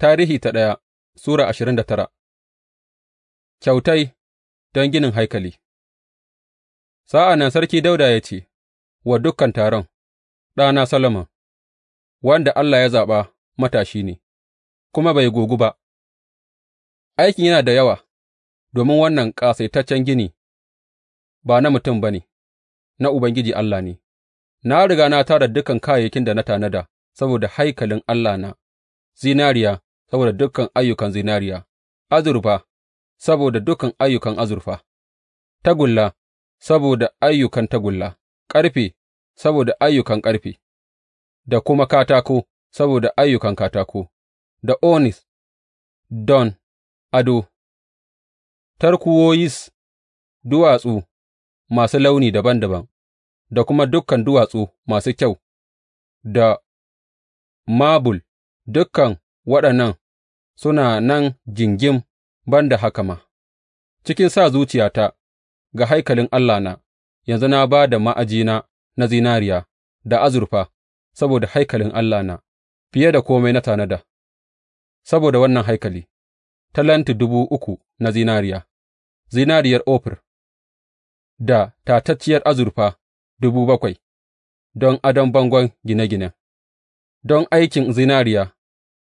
Tarihi ta ɗaya Sura ashirin da tara Kyautai don ginin haikali Sa'an nan Sarki Dauda ya ce wa dukkan taron, Ɗana Solomon, wanda Allah ya zaɓa matashi ne, kuma bai gogu ba, aikin yana da yawa, domin wannan ƙasaitaccen gini ba na mutum ba ne, na Ubangiji Allah ne, na riga na tara dukan kayayyakin da na tanada saboda haikalin Allah na. zinariya. saboda dukan ayyukan zinariya, azurfa saboda dukan ayyukan azurfa, tagulla saboda ayyukan tagulla, ƙarfe saboda ayyukan ƙarfe, da kuma katako saboda ayyukan katako, da onis don ado, tarkuwoyis, duwatsu masu launi daban daban, da kuma dukan duwatsu masu kyau, da mabul, dukan waɗannan suna nan jingim ban da haka ma, cikin sa zuciyata ga haikalin Allahna, yanzu na ba da ma'ajina na zinariya da azurfa saboda haikalin Allahna fiye da kome na tanada, saboda wannan haikali, talenti dubu uku na zinariya, zinariyar ofir da tatacciyar azurfa dubu bakwai don adon bangon gine gine don aikin zinariya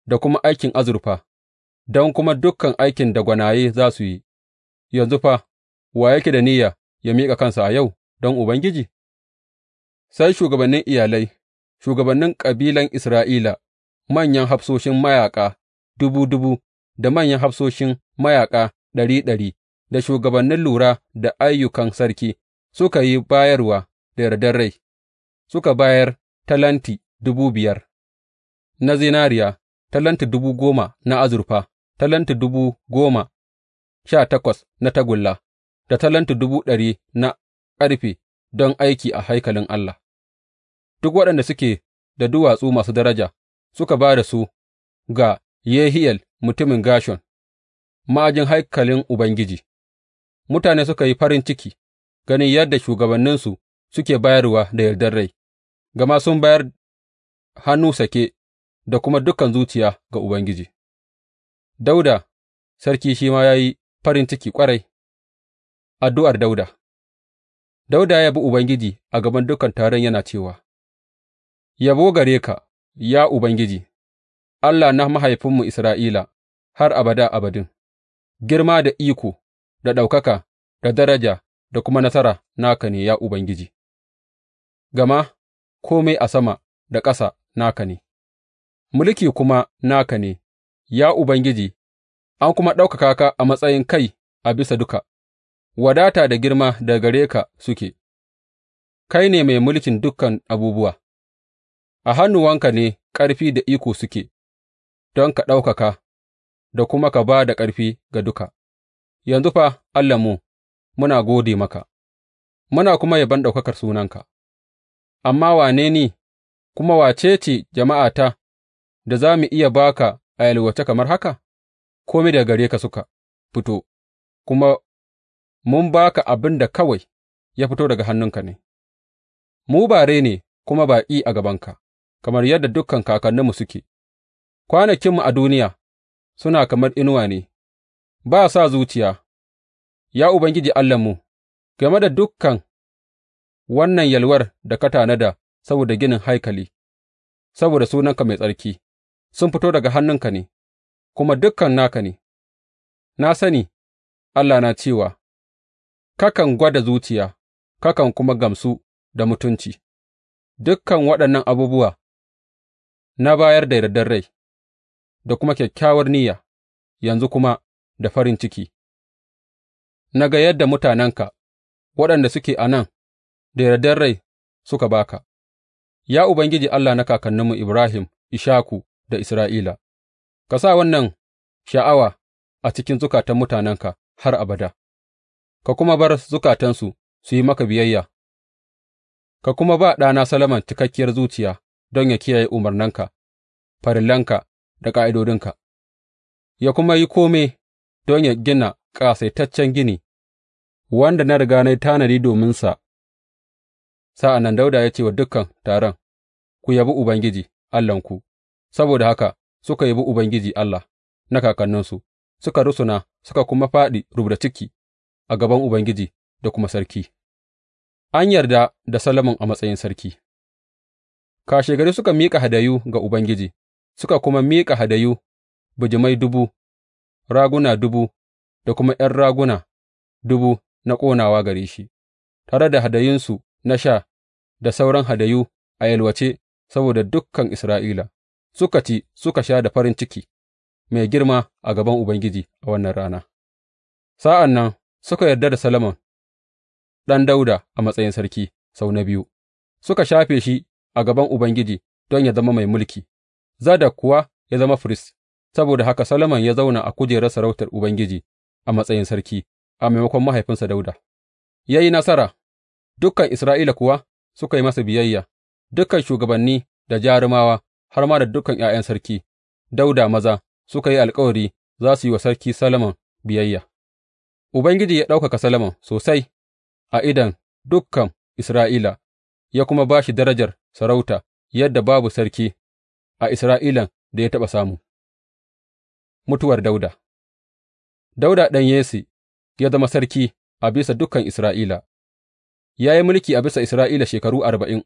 da kuma aikin azurfa. don kuma dukan aikin da gwanaye za su yi, yanzu fa, wa yake da niyya ya miƙa kansa a yau don Ubangiji? Sai shugabannin iyalai, shugabannin ƙabilan Isra'ila, manyan hafsoshin mayaƙa dubu dubu da manyan hafsoshin mayaƙa ɗari ɗari, da shugabannin lura da ayyukan sarki suka yi bayarwa da yardar rai, suka bayar talenti dubu biyar na zinariya, talenti dubu goma na azurfa, talenti dubu goma sha takwas na tagulla da talenti dubu ɗari na ƙarfe don aiki a haikalin Allah, duk waɗanda suke da duwatsu masu daraja suka ba da su ga Yehiyel mutumin Gashon, ma'ajin haikalin Ubangiji, mutane suka yi farin ciki ganin yadda shugabanninsu suke bayarwa da yardar rai, gama sun bayar hannu sake da kuma dukan zuciya ga Ubangiji. Dauda sarki shi ma ya yi farin ciki ƙwarai Addu'ar Dauda. Dauda ya bi Ubangiji a gaban dukan taron yana cewa, Yabo gare ka, ya Ubangiji, Allah na mahaifinmu Isra'ila, har abada abadin, girma da iko, da ɗaukaka, da daraja, da kuma nasara naka ne, ya Ubangiji, gama kome a sama da ƙasa naka ne, mulki kuma naka ne, ya Ubangiji, an kuma ɗaukaka ka a matsayin kai a bisa duka; wadata da girma daga gare ka suke, kai ne mai mulkin dukan abubuwa, a hannuwanka ne ƙarfi da iko suke, don ka ɗaukaka da kuma ka ba da ƙarfi ga duka. Yanzu fa, Allahnmu, muna gode maka, muna kuma yabon ɗaukakar sunanka, amma wane ni, kuma wace ce jama'ata da za mu iya ba ka a yalwace kamar haka, Komai daga gare ka suka fito, kuma mun ba ka abin da kawai ya fito daga hannunka ne, mu bare ne kuma baƙi a gabanka, kamar yadda dukan kakanninmu suke, kwanakinmu a duniya suna kamar inuwa ne, ba sa zuciya, ya Ubangiji Allahnmu, game da dukkan wannan yalwar da ka tanada saboda ginin haikali, saboda sunanka mai tsarki. sun fito daga hannunka ne, kuma dukan naka ne, na sani, Allah na cewa kakan gwada zuciya, kakan kuma gamsu da mutunci, dukan waɗannan abubuwa na bayar da yardar rai, da kuma kyakkyawar niyya, yanzu kuma da farin ciki, na ga yadda mutanenka waɗanda suke a nan da yardar rai suka baka. ya Ubangiji Allah na kakanninmu Ibrahim, Ishaku da Isra'ila, ka sa wannan sha'awa a cikin zukatan mutanenka har abada, ka kuma bar zukatansu su yi maka biyayya, ka kuma ba ɗana Solomon cikakkiyar zuciya don yă kiyaye umarnanka, farillanka da ƙa'idodinka, ya kuma yi kome don ya gina ƙasaitaccen gini wanda na riga na yi tanadi dominsa. Sa'an nan Dauda ya ce wa dukan taron, Ku yabi Ubangiji Allahnku. Saboda haka suka yabi Ubangiji Allah na kakanninsu, suka rusuna suka kuma fāɗi rubda ciki a gaban Ubangiji da kuma sarki, an yarda da Salamun a matsayin sarki Kashegari suka miƙa hadayu ga Ubangiji, suka kuma miƙa hadayu bijimai dubu, raguna dubu da kuma ’yan raguna dubu na ƙonawa gare shi, tare da hadayunsu na sha da sauran hadayu a yalwace saboda dukkan Isra'ila. suka ci suka sha da farin ciki mai girma a gaban Ubangiji a wannan rana. Sa'an nan suka yarda da salaman ɗan Dauda a matsayin sarki sau na biyu, suka shafe shi a gaban Ubangiji don ya zama mai mulki, Zadok kuwa ya zama firist, saboda haka salaman ya zauna a kujerar sarautar Ubangiji a matsayin sarki a maimakon mahaifinsa Dauda. Ya yi nasara, dukan Isra'ila kuwa suka yi masa biyayya, dukan shugabanni da jarumawa har ma da dukan ’ya'yan Sarki Dauda maza suka yi alkawari za su yi wa Sarki Solomon biyayya, Ubangiji ya ɗaukaka Solomon sosai a idan dukan Isra'ila, ya kuma ba shi darajar sarauta yadda babu sarki a Isra'ilan da ya taɓa samu. Mutuwar Dauda. Dauda ɗan Yesi ya zama sarki a bisa dukan Isra'ila, ya yi mulki a bisa Isra'ila shekaru arba'in,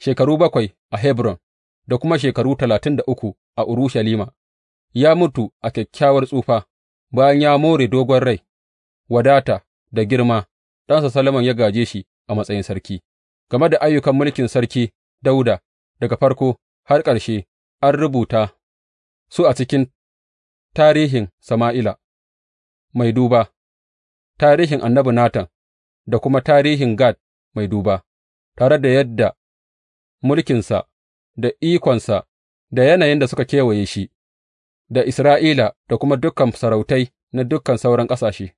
shekaru bakwai a Hebron da kuma shekaru talatin da uku a Urushalima, ya mutu a kyakkyawar tsufa bayan ya more dogon rai, wadata da girma, ɗansa Salaman ya gaje shi a matsayin sarki. Game da ayyukan mulkin sarki Dauda daga farko har ƙarshe an rubuta su a cikin tarihin Sama'ila mai duba, tarihin annabi Natan da kuma tarihin Gad mai duba, tare da yadda mulkinsa da ikonsa da yanayin da suka kewaye shi, da Isra'ila da kuma dukan sarautai na dukan sauran ƙasashe.